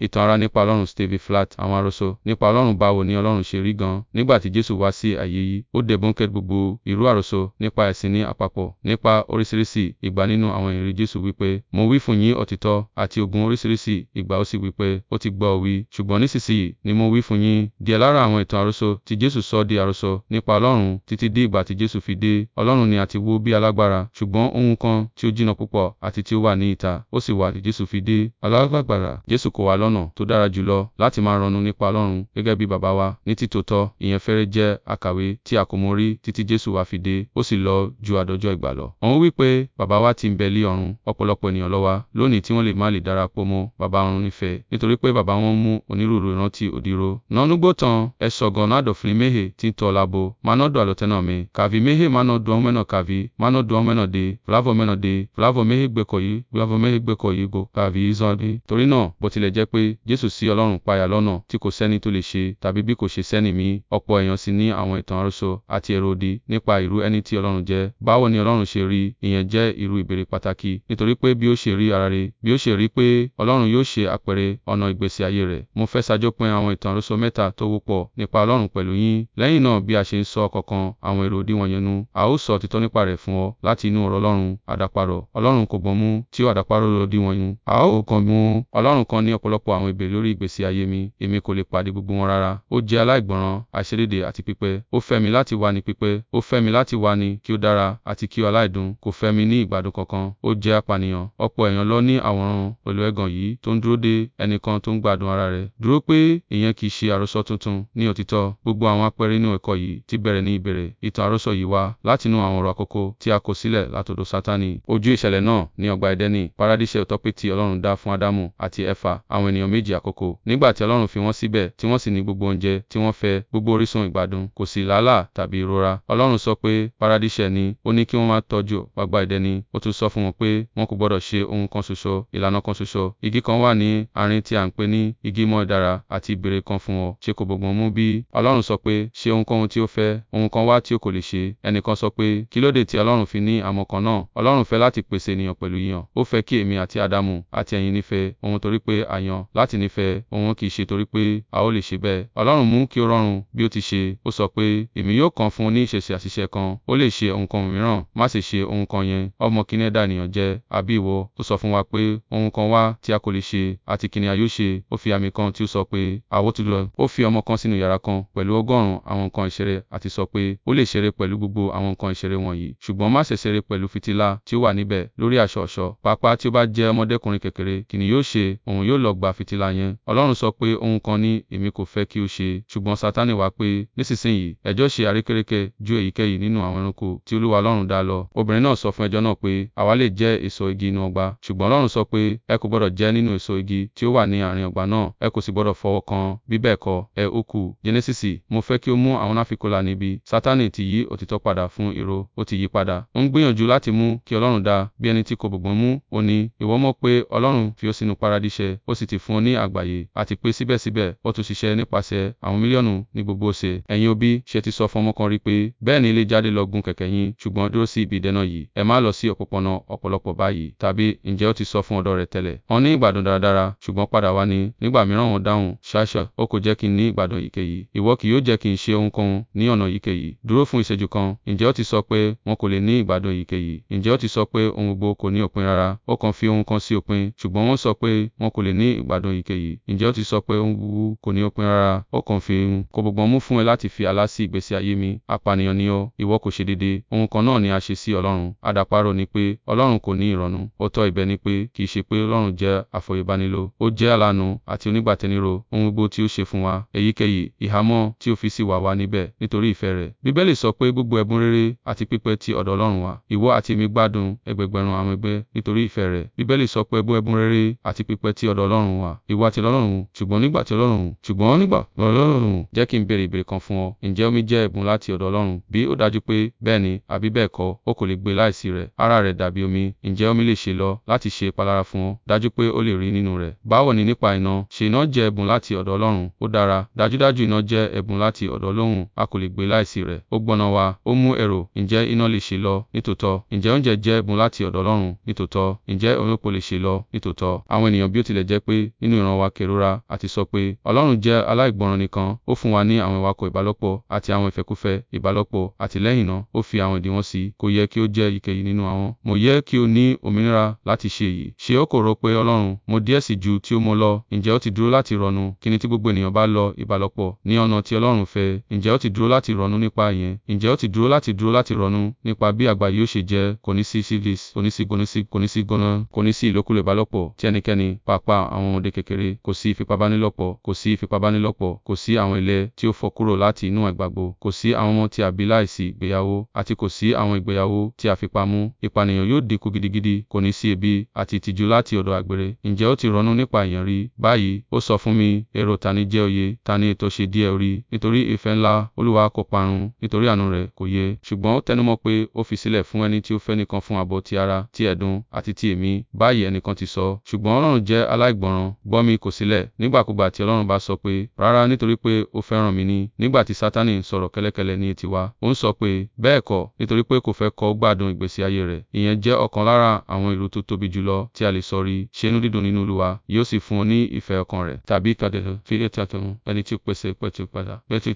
Ìtàn ara nípa Ọlọ́run Stephen Flat Àwọn àròsọ nípa Ọlọ́run Báwo ni Ọlọ́run ṣe rí gan? Nígbà tí Jésù wá sí ayé yìí, ó dẹ̀bùnkẹ́ gbogbo irú àròsọ nípa ẹ̀sìn ní àpapọ̀. Nípa oríṣiríṣi ìgbà nínú àwọn ìrìn Jésù wí pé, Mo wí fún yín òtítọ́ àti ogún oríṣiríṣi ìgbà ó sì wí pé, ó ti gbọ́ ọ wí. Ṣùgbọ́n nísinsìnyí ni mo wí fún yín. Díẹ̀ lára àwọn ìtàn àròsọ tí Jésù sọ di àròsọ nípa Ọlọ́run títí di ìgbà tí Jésù fi dé. Ọlọ́run ni a ti wò bí alágbára, ṣùgbọ́n ohun kan tí ó jìnnà púpọ̀ àti tí ó wà ní ìta, ó sì wà tí Jésù fi dé. Alágbára Jésù kò wá lọ́nà lọ́nà tó dára jùlọ láti máa ronú nípa Ọlọ́run gẹ́gẹ́ bí baba wa ní títòótọ́, ìyẹn fẹ́rẹ̀ jẹ́ àkàwé tí a kò mọ rí títí Jésù wa fi dé, ó sì lọ ju àádọ́jọ ìgbà lọ. Òun wí pé, Baba wa ti ń bẹ ní ọ̀run, ọ̀pọ̀lọpọ̀ ènìyàn ló lónìí tí wọ́n lè má lè darapọ̀ mọ́ Baba ọ̀run nífẹ̀ẹ́, nítorí pé baba wọn mú onírúurú ìrántí òdìrò. Nọ́núgbó tán, ẹ̀sọ̀gàn náà dọ̀fìn méhe tí ń tọ́ labo, máa ná dọ̀ àlọ́tẹ́nà mi, kàvi méhe máa ná dùn mẹ́nà kàvi, máa ná dùn mẹ́nà de, fúláfọ̀ mẹ́nà de, fúláfọ̀ méhe gbẹ̀kọ̀ yìí, fúláfọ̀ méhe gbẹ̀kọ̀ yìí gò, kàvi ìzọ́ni. Torí náà, bó tilẹ̀ jẹ́ pé pé Jésù sí Ọlọ́run payà lọ́nà tí kò sẹ́ni tó lè ṣe tàbí bí kò ṣe sẹ́ni mí. Ọ̀pọ̀ èèyàn sì ní àwọn ìtàn àròsọ àti èrò òdì nípa irú ẹni tí Ọlọ́run jẹ́. Báwo ni Ọlọ́run ṣe rí? Ìyẹn jẹ́ irú ìbéèrè pàtàkì nítorí pé bí ó ṣe rí ara rẹ̀, bí ó ṣe rí pé Ọlọ́run yóò ṣe àpẹẹrẹ ọ̀nà ìgbésí ayé rẹ̀. Mo fẹ́ ṣàjọpín àwọn ìtàn àròsọ mẹ́ta tó wọ́pọ̀ nípa Ọlọ́run pẹ̀lú yín. Lẹ́yìn náà bí a ṣe ń sọ kọ̀ọ̀kan àwọn èrò òdì wọ̀nyẹn nu, a ó sọ òtítọ́ nípa rẹ̀ fún ọ láti inú ọ̀rọ̀ Ọlọ́run. Àdàparọ̀ Ọlọ́run kò gbọ́n mú tí ó àdàparọ̀ èrò wọ̀nyẹn. A ó kàn mú Ọlọ́run kan ní ọ̀pọ̀lọpọ̀ ọ̀pọ̀lọpọ̀ àwọn èbè lórí ìgbésí ayé mi, èmi kò lè pàdé gbogbo wọn rárá. Ó jẹ́ aláìgbọràn, àìṣedéédé àti pípẹ́. Ó fẹ́ mi láti wà ní pípẹ́. Ó fẹ́ mi láti wà ní kí ó dára àti kí ó aláìdùn. Kò fẹ́ mi ní ìgbádùn kankan. Ó jẹ́ apànìyàn. Ọ̀pọ̀ èèyàn ló ní àwòrán pẹ̀lú ẹ̀gàn yìí tó ń dúró de ẹnìkan tó ń gbádùn ara rẹ̀. Dúró pé ìyẹn kì í ṣe àròsọ tuntun. Ní òtítọ́, gbogbo àwọn àpẹẹrẹ inú ẹ̀kọ́ yìí ti bẹ̀rẹ̀ ní ìbẹ̀rẹ̀. Ìtàn àròsọ yìí wá látinú àwọn ọ̀rọ̀ àkókò tí a kọ sílẹ̀ látọ̀dọ̀ Sátánì. Ojú ìṣẹ̀lẹ̀ náà ní ọgbà Édẹ́nì, paradíṣẹ́ òtọ́pẹ́ tí Ọlọ́run dá fún Ádámù àti Éfà. Àwọn ènìyàn méjì àkọ́kọ́, nígbà tí Ọlọ́run fi wọ́n síbẹ̀, tí wọ́n sì ní gbogbo oúnjẹ tí wọ́n fẹ́, gbogbo orísun ìgbádùn, kò sí làálàá tàbí ìrora. Ọlọ́run sọ pé, paradíṣẹ́ ni, ó ní kí wọ́n máa tọ́jú ọgbà Edeni, ó tún sọ fún wọn pé, wọn kò gbọdọ̀ ṣe ohun kan ṣoṣo, ìlànà kan ṣoṣo. Igi kan wà ní àárín tí à ń pè ní igi ìmọ̀ ìdára àti ìbéèrè kan fún ọ, ṣe kò bọ́gbọ́n mú bí? Ọlọ́run sọ pé, ṣe ohunkóhun tí ó fẹ́, ohun kan wà tí o kò lè ṣe. Ẹnìkan sọ pé, kí ló dé tí Ọlọ́run fi ní àmọ́ kan náà? Ọlọ́run fẹ́ láti pèsè ènìyàn pẹ̀lú yíyan. Ó fẹ́ kí èmi àti Ádámù àti ẹ̀yin nífẹ̀ẹ́ òun torí pé a láti nífẹ̀ẹ́ òun kì í ṣe torí pé a ó lè ṣe bẹ́ẹ̀. Ọlọ́run mú kí ó rọrùn bí ó ti ṣe. Ó sọ pé, “Èmi yóò kàn fún ọ ní ìṣesí àṣìṣe kan, ó lè ṣe ohunkóhun mìíràn, má ṣe ṣe ohun kan yẹn.” Ọmọ kí ni ẹ̀dá ènìyàn jẹ́? Àbí ìwọ? Ó sọ fún wa pé, “Ohun kan wà tí a kò lè ṣe, àti kí ni a yóò ṣe?” Ó fi àmì kan tí ó sọ pé, “Àwo ti lọ.” Ó fi ọmọ kan sínú yàrá kan pẹ̀lú ọgọ́rùn-ún àwọn nǹkan ìṣeré àti sọ pé, “Ó lè ṣeré pẹ̀lú gbogbo àwọn nǹkan ìṣeré wọ̀nyí, ṣùgbọ́n má ṣe pẹ̀lú fìtílà tí ó wà níbẹ̀ lórí aṣọ ọ̀ṣọ́.” Pàápàá tí ó bá jẹ́ ọmọdékùnrin kékeré, kí yóò ṣe? Òun yóò lọ gbà nípa fìtílà yẹn. Ọlọ́run sọ pé ohun kan ni èmi kò fẹ́ kí o ṣe, ṣùgbọ́n Sátánì wá pé, nísinsìnyí, ẹjọ́ ṣe àrékérekè ju èyíkéyìí nínú àwọn ẹranko tí Olúwa Ọlọ́run dá lọ. Obìnrin náà sọ fún ẹjọ́ náà pé, àwa lè jẹ èso igi inú ọgbà, ṣùgbọ́n Ọlọ́run sọ pé, ẹ kò gbọdọ̀ jẹ nínú èso igi tí ó wà ní àárín ọgbà náà, ẹ kò sì gbọdọ̀ fọwọ́ kan, bí bẹ́ẹ̀ kọ́, ẹ ó kú. Jẹ́nẹ́sísì, mo fẹ́ kí o mú àwọn náfìkọ́là níbí. Sátánì ti yí òtítọ́ padà fún irọ́, ó ti yí padà. Ó ń gbìyànjú láti mú kí Ọlọ́run dá, bí ẹni tí kò bùgbọ́n mú, ó ní, ìwọ mọ̀ pé Ọlọ́run fi ó sínú paradíṣẹ́, ó sì ti sì fún ọ ní àgbáyé, àti pé síbẹ̀síbẹ̀, ó tún ṣiṣẹ́ nípasẹ̀ àwọn mílíọ̀nù ní gbogbo ọ̀sẹ̀. Ẹ̀yin òbí, ṣe ti sọ fún ọmọ kan rí pé, bẹ́ẹ̀ ni ilé jáde lọ gun kẹ̀kẹ́ yín, ṣùgbọ́n dúró sí ibi ìdènà yìí, ẹ má lọ sí òpópónà ọ̀pọ̀lọpọ̀ báyìí, tàbí ǹjẹ́ ó ti sọ fún ọ̀dọ̀ rẹ̀ tẹ́lẹ̀? Wọ́n ní ìgbádùn dáradára, ṣùgbọ́n padà wá ní, nígbà mìíràn wọ́n dáhùn, ṣáṣá, ó kò jẹ́ kí n ní ìgbádùn èyíkéyìí, ìwọ kì yóò jẹ́ kí n ṣe ohunkóhun ní ọ̀nà èyíkéyìí. Dúró fún ìṣẹ́jú kan, ǹjẹ́ ó ti sọ pé wọn kò lè ní ìgbádùn èyíkéyìí? Ǹjẹ́ ó ti sọ pé ohun gbogbo kò ní òpin rárá? Ó kàn fi ohun kan sí òpin, ṣùgbọ́n wọ́n sọ pé wọn kò lè ní ìgbádùn gbádùn èyíkéyìí. Ǹjẹ́ ó ti sọ pé ohun búburú kò ní òpin rárá? Ó kàn fi ń kó gbọ̀ngbọ̀n mú fún ẹ láti fi àlá sí ìgbésí ayé mi. Apànìyàn ni ọ́, ìwọ kò ṣe déédéé. Ohun kan náà ni a ṣe sí Ọlọ́run. Àdàparò ni pé Ọlọ́run kò ní ìrònú. Òótọ́ ibẹ̀ ni pé kì í ṣe pé Ọlọ́run jẹ́ àfọ̀yébánilò. Ó jẹ́ aláàánú àti onígbàtẹniró. Ohun gbogbo tí ó ṣe fún wa, èyíkéyìí ìhámọ́ tí ó fi sí wa wà níbẹ̀ nítorí ìfẹ́ rẹ̀. Bíbélì sọ pé gbogbo ẹ̀bùn rere àti pípé ti ọ̀dọ̀ Ọlọ́run wá. Ìwọ àti èmi gbádùn ẹgbẹẹgbẹ̀rún àwọn ẹgbẹ́ nítorí ìfẹ́ rẹ̀. Bíbélì sọ pé gbogbo ẹ̀bùn rere àti pípé ti ọ̀dọ̀ Ọlọ́run wà, ìwọ àti Ọlọ́run, ṣùgbọ́n nígbà tí Ọlọ́run, ṣùgbọ́n nígbà Ọlọ́run, jẹ́ kí n béèrè ìbéèrè kan fún ọ. Ǹjẹ́ omi jẹ́ ẹ̀bùn láti ọ̀dọ̀ Ọlọ́run? Bí ó dájú pé bẹ́ẹ̀ ni, àbí bẹ́ẹ̀ kọ́, o kò lè gbé láìsí rẹ̀. Ara rẹ̀ dàbí omi. Ǹjẹ́ omi lè ṣe lọ láti ṣe ìpalára fún ọ? Dájú pé o lè rí nínú rẹ̀. Báwo ni nípa iná? Ṣé iná jẹ́ ẹ̀bùn láti ọ̀dọ̀ Ọlọ́run? Ó dára. Dájúdájú iná jẹ́ ẹ̀bùn láti ọ̀dọ̀ Ọlọ́run. A kò lè gbé láìsí rẹ̀. Ó gbóná wa, ó mú èrò. Ǹjẹ́ iná lè ṣe lọ? Nítòótọ́. Ǹjẹ́ oúnjẹ jẹ́ ẹ̀bùn láti ọ̀dọ̀ Ọlọ́run? Nítòótọ́. Ǹjẹ́ omi òpó lè ṣe lọ? Nítòótọ́. Àwọn ènìyàn bí ó tilẹ̀ jẹ́ pé nínú ìran wa kérora àti sọ pé, Ọlọ́run jẹ́ aláìgbọràn nìkan, ó fún wa ní àwọn ìwakọ̀ ìbálòpọ̀ àti àwọn ìfẹ́kúfẹ̀ẹ́ ìbálòpọ̀ àti lẹ́yìn náà, ó fi àwọn ìdíwọ̀n sí i, kò yẹ kí ó jẹ́ èyíkéyìí nínú àwọn. Mo yẹ kí o ní òmìnira láti ṣe èyí. Ṣé o kò rò pé Ọlọ́run mọ díẹ̀ sí ju tí ó mọ lọ? Ǹjẹ́ o ti dúró láti ronú? Kí ni tí gbogbo ènìyàn bá lọ ìbálòpọ̀ ní ọ̀nà tí Ọlọ́run fẹ́? Ǹjẹ́ o ti dúró láti ronú nípa ìyẹn? Ǹjẹ́ o ti dúró láti dúró láti ronú nípa bí àgbáyé yóò ṣe jẹ́? Kò ní sí sífilis, kò ní sí gonosi, kò ní sí gonan, kò ní sí ìlòkulò ìbálòpọ̀ tí ẹnikẹ́ni, pàápàá àwọn ọmọdé kékeré, kò sí ìfipábánilòpọ̀, kò sí ìfipábánilòpọ̀, kò sí àwọn ilé tí ó fọ́ kúrò láti inú ìgbàgbọ́, kò sí àwọn ọmọ tí a bí láìsí ìgbéyàwó, àti kò sí àwọn ìgbéyàwó tí a fipá mú. Ìpànìyàn yóò dínkù gidigidi, kò ní sí ebi àti ìtìjú láti ọ̀dọ̀ àgbèrè. Ǹjẹ́ o ti ronú nípa ìyẹn rí? Báyìí, ó sọ fún mi, èrò tani jẹ́ òye, ta ni ètò ṣe díẹ̀ orí? Nítorí ìfẹ́ ńlá Olúwa kò parun, nítorí àánú rẹ̀ kò yẹ. Ṣùgbọ́n ó tẹnumọ́ pé ó fi sílẹ̀ fún ẹni tí ó fẹ́ nìkan fún ààbò ti ara, ti ẹ̀dùn, àti ti ẹ̀mí. Báyìí ẹnìkan ti sọ, ṣùgbọ́n Ọlọ́run jẹ́ aláìgbọràn wọn, gbọ́ mi kò sílẹ̀, nígbàkúgbà tí Ọlọ́run bá sọ pé, rárá nítorí pé ó fẹ́ràn mi ni, nígbà tí Sátánì ń sọ̀rọ̀ kẹ́lẹ́kẹ́lẹ́ ní etí wa, ó ń sọ pé, bẹ́ẹ̀ kọ́, nítorí pé kò fẹ́ kó gbádùn ìgbésí ayé rẹ̀. Ìyẹn jẹ́ ọ̀kan lára àwọn ìrú tó tóbi jùlọ tí a lè sọ rí, ṣe inú dídùn nínú Olúwa, yóò sì fún ọ ní ìfẹ́ ọkàn rẹ̀, tàbí ìkàdẹ̀dẹ̀ fi ètò àtẹ̀hún, ẹni tí ó pèsè pẹ̀tù padà, pẹ̀tù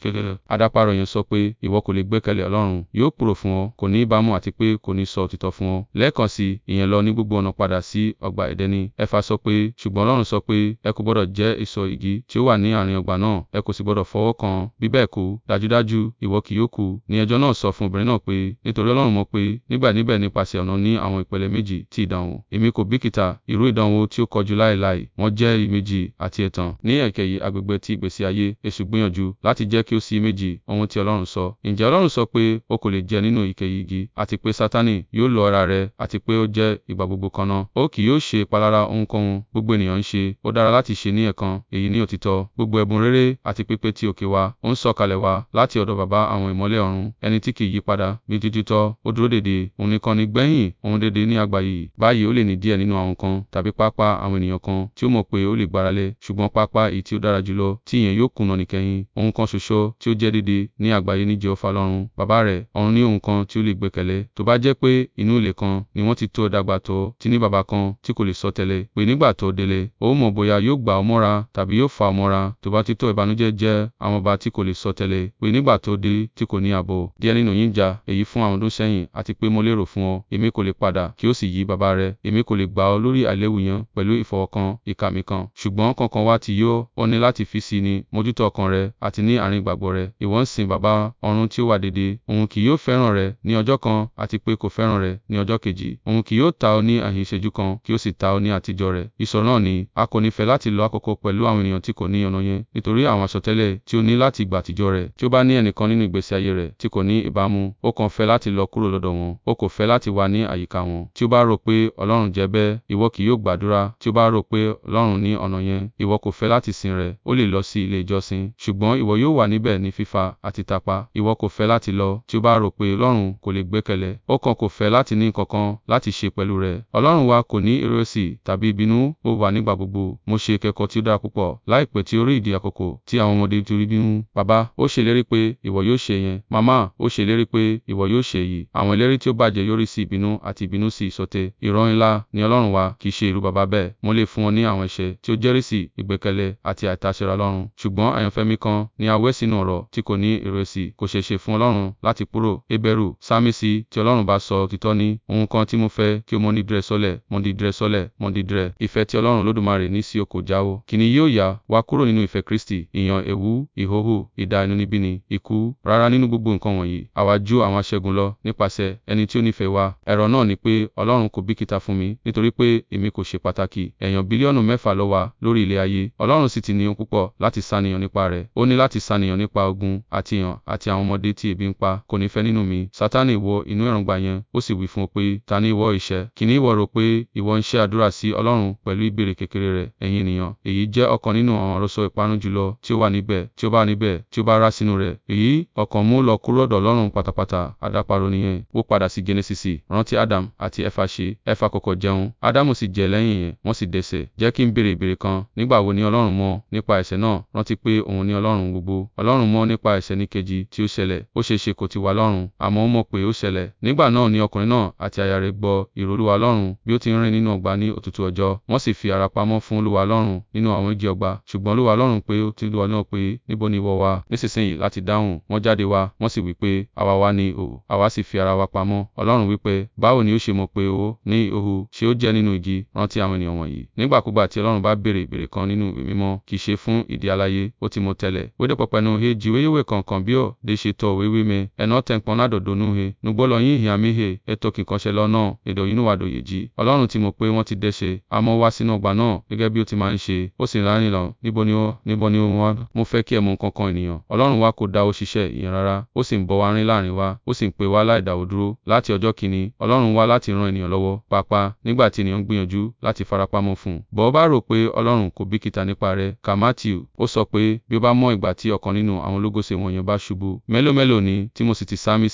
pé, “Ẹ kò gbọdọ̀ jẹ èso igi tí ó wà ní àárín ọgbà náà, ẹ kò sì gbọdọ̀ fọwọ́ kàn án, bí bẹ́ẹ̀ kọ́, dájúdájú, ìwọ kì yóò kú.” Ní ẹjọ́ náà sọ fún obìnrin náà pé, “Nítorí Ọlọ́run mọ̀ pé, níbẹ̀níbẹ̀ nípasẹ̀ ọ̀nà ní àwọn ìpele méjì ti ìdánwò. Èmi kò bìkítà irú ìdánwò tí ó kojú láéláé, wọ́n jẹ́ iyèméjì àti ẹ̀tàn. Ní èyíkéyìí agbègbè ti ìgbésí ayé, èṣù gbìyànjú láti jẹ́ kí ó sí iyèméjì ohun tí Ọlọ́run sọ. Ǹjẹ́ Ọlọ́run sọ pé, ‘O kò lè jẹ nínú èyíkéyìí igi,’ àti pé Satani yóò lọ ara rẹ̀, àti pé ó jẹ́ ìgbà gbogbo kan náà, ó kì yóò ṣe ìpalára ohunkóhun. Gbogbo ènìyàn ń ṣe ṣe. Ó dára láti ṣe ní ẹ̀ẹ̀kan, èyí ni òtítọ́. Gbogbo ẹ̀bùn rere àti pípé ti òkè wá, ó ń sọ̀kalẹ̀ wá láti ọ̀dọ̀ Baba àwọn ìmọ́lẹ̀ ọ̀run, ẹni tí kì í yípadà, bí títítọ́, ó dúró déédé, òun nìkan ni ìgbẹ̀yìn, òun déédé ní àgbáyé. Báyìí ó lè ní díẹ̀ nínú àwọn kan, tàbí pàápàá àwọn ènìyàn kan tí ó mọ̀ pé ó lè gbáralé, ṣùgbọ́n pàápàá èyí tí ó dára jùlọ tí ìyẹn yóò kùnà níkẹyìn. Òun kan ṣoṣo tí ó jẹ́ déédé ní àgbáyé ni Jehova Ọlọ́run, Baba rẹ̀. Ọ̀run ní òun kan tí ó lè gbẹ́kẹ̀lé. Tó bá jẹ́ pé inú ilé kan ni wọ́n ti tọ́ ọ dàgbà tó ti ní baba kan tí kò lè sọtẹ́lẹ̀ pé nígbà tó délé, ó mọ̀ bóyá yóò gbà ọ́ mọ́ra tàbí yóò fà ọ́ mọ́ra, tó bá ti tó ìbànújẹ́ jẹ́ àwọn ọba tí kò lè sọtẹ́lẹ̀, pé nígbà tó dé tí kò ní ààbò, díẹ̀ nínú yín jà, èyí fún àwọn ọdún sẹ́yìn, àti pé mo lérò fún ọ, èmi kò lè padà, kí ó sì yí baba rẹ, èmi kò lè gbà ọ́ lórí àìléwuyan pẹ̀lú ìfọwọ́kan ìkà mi kan, ṣùgbọ́n kankan wá ti yọ, ó ní láti fi sí ni, mójútó ọkàn rẹ, àti ní àárín ìgbàgbọ́ rẹ, ìwọ ń sin baba ọ̀run tí ó wà déédé, òun kì yóò fẹ́ràn rẹ ní ọjọ́ kan, àti pé kò fẹ́ràn rẹ ní ọjọ́ kejì, òun kì yóò ta ọ ní àhín ìṣẹ́jú kan, kí ó sì ta ọ ní àtijọ́ rẹ. Ìsọ̀rọ̀ náà ni, a A kò nífẹ̀ẹ́ láti lo àkókò pẹ̀lú àwọn ènìyàn tí kò ní ọ̀nà yẹn, nítorí àwọn àsọtẹ́lẹ̀ tí ó ní láti ìgbà àtijọ́ rẹ̀. Tí ó bá ní ẹnìkan nínú ìgbésí ayé rẹ̀ tí kò ní ìbámu, ó kàn fẹ́ láti lọ kúrò lọ́dọ̀ wọn, ó kò fẹ́ láti wà ní àyíká wọn. Tí ó bá rò pé Ọlọ́run jẹ́ bẹ́ẹ̀, ìwọ kì yóò gbàdúrà. Tí ó bá rò pé Ọlọ́run ní ọ̀nà yẹn, ìwọ kò fẹ́ láti sìn rẹ̀, ó lè lọ sí ilé ìjọsìn, ṣùgbọ́n ìwọ yóò wà níbẹ̀ ní fífà àti ìtàpá. Ìwọ kò fẹ́ láti lọ. Tí ó bá rò pé Ọlọ́run kò lè gbẹ́kẹ̀lé, ó kàn kò fẹ́ láti ní nǹkan láti ṣe pẹ̀lú rẹ̀. Ọlọ́run wa kò ní ìrẹ̀wẹ̀sì tàbí ìbínú, ó wà nígbà gbogbo gbogbo. Mo ṣe ìkẹ́kọ̀ọ́ tí ó dára púpọ̀ láìpẹ́ tí ó rí ìdí àkókò tí àwọn ọmọdé ti rí bínú. Bàbá, ó ṣe ìlérí pé ìwọ yóò ṣe yẹn. Màmá, ó ṣe ìlérí pé ìwọ yóò ṣe èyí. Àwọn ìlérí tí ó bàjẹ́ yóò rí sí ìbínú àti ìbínú sí ìṣọ̀tẹ̀. Ìran ńlá ni Ọlọ́run wa, kì í ṣe irú bàbá bẹ́ẹ̀. Mo lè fún ọ ní àwọn ẹ̀ṣẹ̀ tí ó jẹ́rìísí ìgbẹ́kẹ̀lé àti àìtàséra Ọlọ́run. Ṣùgbọ́n àyànfẹ́ mi kan ni a wẹ́ sínú ọ̀rọ̀ tí kò ní ìrẹ̀wẹ̀sì kò ṣeé ṣe fún Ọlọ́run láti kúrò. Heberu, Sámísì tí Ọlọ́run bá sọ òtítọ́ ní, ohun kan tí mo fẹ́ kí o mọ̀ ní ìdìrẹ̀ sọ́lẹ̀, mọ̀ ní ìdìrẹ̀ sọ́lẹ̀, mọ̀ ní Ìfẹ́ ti Ọlọ́run Olódùmarè rẹ̀ ní sí oko jáwó. Kìíní yóò yà wá kúrò nínú ìfẹ́ Kristi, ìyàn, ewu, ìhòhò, idà, inúnibíni, ikú. Rárá nínú gbogbo nǹkan wọ̀nyí, àwa ju àwọn aṣẹ́gun lọ nípasẹ̀ ẹni tí ó nífẹ̀ẹ́ wa. Ẹ̀rọ náà ni pé Ọlọ́run kò bìkítà fún mi, nítorí pé èmi kò ṣe pàtàkì. Èèyàn bílíọ̀nù mẹ́fà ló wà lórí ilẹ̀ ayé. Ọlọ́run sì ti ní ohun púpọ̀ láti ṣàníyàn nípa rẹ̀. Ó ní láti ṣàníyàn nípa ogun àti ìyàn àti àwọn ọmọdé tí ebi ń pa. Kò ní fẹ́ nínú mi. Sátánì wọ inú èròǹgbà yẹn, ó sì wí fún un pé, ta ni ìwọ ìṣẹ́? Kìíní ìwọ rò pé ìwọ ń ṣe àdúrà sí Ọlọ́run pẹ̀lú ìbéèrè kékeré rẹ̀, ẹ̀yin ènìyàn. Èyí jẹ́ ọ̀kan nínú àwọn àròsọ ìparun jùlọ tí ó wà níbẹ̀, tí ó bá níbẹ̀, tí ó bá rá sínú rẹ̀. Èyí, ọkàn mú lọ kúrò lọ́dọ̀ Ọlọ́run pátápátá. Àdàparò nìyẹn. Wó padà sí Jenesisi. Rántí Adam àti Ẹfa ṣe. Ẹfa kọ́kọ́ jẹun. Ádámù sì jẹ lẹ́yìn yẹn, wọ́n sì dẹ́ṣẹ̀. Jẹ́ kí n béèrè ìbéèrè kan. Nígbà wo ni Ọlọ́run mọ̀ nípa ẹ̀ṣẹ̀ náà? Rántí pé òun ni Ọlọ́run gbogbo. Ọlọ́run mọ̀ nípa ẹ̀ṣẹ̀ ní kejì tí ó ṣẹlẹ̀. Ó ṣe ṣe kò ti wá lọ́run, àmọ́ ó mọ̀ pé ó ṣẹlẹ̀. Nígbà náà ni ọkùnrin náà àti aya rẹ̀ gbọ́ ìró Olúwa Ọlọ́run bí ó ti ń rìn nínú ọgbà ní òtútù ọjọ́. Wọ́n sì fi ara pamọ́ fún Olúwa Ọlọ́run nínú àwọn igi ọgbà. Ṣùgbọ́n Olúwa Ọlọ́run pé ó ti Olúwa náà pé, Níbo ni ìwọ wà? Nísinsìnyí láti dáhùn, wọ́n jáde wá, wọ́n sì wí pé, Àwa wá ní ìhòhò, àwa sì fi ara wa pamọ́. Ọlọ́run wí pé, Báwo ni ó ṣe mọ̀ pé ó ní ìhòhò? Ṣé ó jẹ́ nínú igi? Rántí àwọn ènìyàn wọ̀nyí. Nígbàkúùgbà tí Ọlọ́run bá béèrè ìbéèrè kan nínú ìwé mímọ́, kì í ṣe fún ìdí aláyé, ó ti mọ̀ tẹ́lẹ̀. Wéde pọpẹnu he jiwe yewe kankan bí ọ̀, de ṣe tọ̀ wéwé me, ẹ̀nà tẹ̀pọ̀n náà dòdò nù he, nugbọ́lọ̀ yín ìhìn àmì he, ètò kìkanṣẹ́ lọ náà, èdò inú wa dòye jí. Ọlọ́run ti mọ̀ pé wọ́n ti dẹ́ṣẹ̀, a wá sínú ọgbà náà gẹ́gẹ́ bí ó ti máa ń ṣe, ó sì ń rárí níbo ni ó, níbo ni ó ń wá, mo fẹ́ kí ẹ mọ̀ nǹkan kan ènìyàn, Ọlọ́run wa kò dáwọ́ ṣiṣẹ́ ìyẹn rárá, ó sì ń bọ̀ wá rín láàrín wa, ó sì ń pè wá láì dáwọ́ dúró, láti ọjọ́ kìíní, Ọlọ́run wá láti ran ènìyàn lọ́wọ́, pàápàá nígbà tí ènìyàn ń gbìyànjú láti farapamọ́ fún un. Bó bá rò pé Ọlọ́run kò bìkítà nípa rẹ, ka Matthew, ó sọ pé, bí ó bá mọ ìgbà tí ọ̀kan nínú àwọn ológoṣe wọ̀nyẹn bá ṣubú, mélòó ni tí mo sì ti sá mí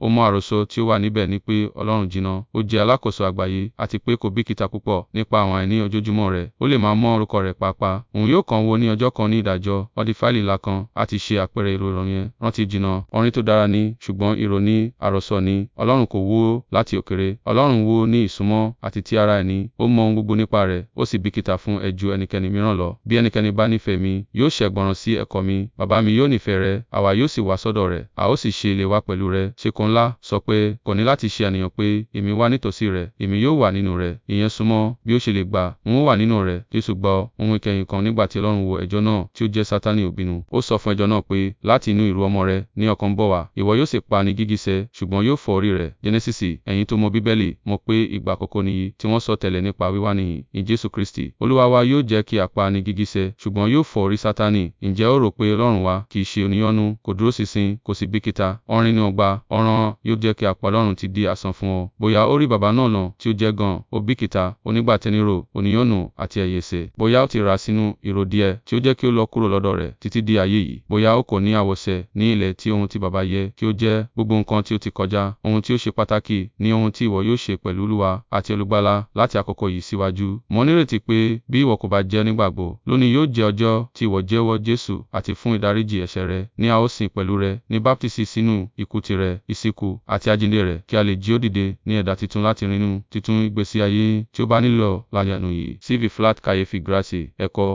Ohun àròsọ tí ó wà níbẹ̀ ni pé Ọlọ́run jìnnà, ó jẹ́ alákòóso àgbáyé, àti pé kò bìkítà púpọ̀ nípa àwọn àìní ojoojúmọ́ rẹ̀. Ó lè máa mọ orúkọ rẹ̀ pàápàá. Òun yóò kàn wò ó ní ọjọ́ kan ní ìdájọ́, ọ́dífáìlì ńlá kan, àti ṣe àpẹẹrẹ irú ọ̀rọ̀ yẹn. Rántí jìnnà, orin tó dára ni, ṣùgbọ́n irọ́ ní, àròsọ ni. Ọlọ́run kò wò ó láti òkèèrè. Ọlọ́run wò ó ní ìsúnmọ́ àti ti ara ẹni. Ó mọ ohun gbogbo nípa rẹ̀, ó sì bìkítà fún ẹ ju ẹnikẹ́ni mìíràn lọ. Bí ẹnikẹ́ni bá nífẹ̀ẹ́ mi, yóò ṣègbọràn sí ẹ̀kọ́ mi. Baba mi yóò nífẹ̀ẹ́ rẹ̀, àwa yóò sì wá sọ́dọ̀ rẹ̀, a ó sì ṣe ilé wa pẹ̀lú rẹ̀. Ṣé ìjókòó ńlá sọ pé, kò ní láti ṣe àníyàn pé, èmi wà nítòsí rẹ̀, èmi yóò wà nínú rẹ̀, ìyẹn súnmọ́, bí ó ṣe lè gbà, n ó wà nínú rẹ̀. Jesu gbọ́ ohun ìkẹyìn kan nígbà tí Ọlọ́run wo ẹjọ́ náà tí ó jẹ́ Sátánì òbínú. Ó sọ fún ẹjọ́ náà pé, láti inú ìrù ọmọ rẹ ní ọkàn bọ̀ wá, ìwọ yóò sì pa ní gìgísẹ̀, ṣùgbọ́n yóò fọ́ orí rẹ̀. Jẹ́nẹ́sísì, ẹ̀yin tó mọ Bíbélì, mọ̀ pé ìgbà àkọ́kọ́ nìyí tí wọ́n sọ tẹ́lẹ̀ nípa wíwá nìyí, ní Jésù Kristi. Olúwa wa yóò jẹ́ kí a pa ní gìgísẹ̀, ṣùgbọ́n yóò fọ́ orí Sátánì. Ǹjẹ́ ó rò pé Ọlọ́run wa kì í ṣe oníyọ́nú, kò dúró ṣinṣin, kò sì bìkítà, ó ń ọgbà, ó ọ̀ràn yóò jẹ́ kí àpò Ọlọ́run ti di asán fún ọ. Bóyá ó rí bàbá náà nà tí ó jẹ́ gan, òbíkítà, onígbàtẹniró, oníyọ̀nù àti ẹ̀yẹsẹ̀. Bóyá ó ti rà sínú ìró díẹ̀ tí ó jẹ́ kí ó lọ kúrò lọ́dọ̀ rẹ̀ títí di ayé yìí. Bóyá ó kò ní àwọ̀sẹ̀ ní ilẹ̀ tí ohun tí bàbá yẹ kí ó jẹ́, gbogbo nǹkan tí ó ti kọjá, ohun tí ó ṣe pàtàkì ni ohun tí ìwọ yóò ṣe pẹ̀lú Olúwa àti Olùgbàlà láti àkókò yìí síwájú. Mo nírètí pé bí ìwọ kò bá jẹ́ onígbàgbọ́, lónìí yóò jẹ́ ọjọ́ tí ìwọ jẹ́wọ́ Jésù àti fún ìdáríjì ẹ̀ṣẹ̀ rẹ, ni a ó sìn pẹ̀lú rẹ̀ ní báptísì sínú ikú tirẹ̀ ìsìnkú àti àjíǹde rẹ̀ kí a lè jí ó dìde ní ẹ̀dá titun láti rin inú titun ìgbésí ayé tí ó bá nílò láyànú yìí. CV Flat Kàyéfì Gírásì Ẹ̀kọ́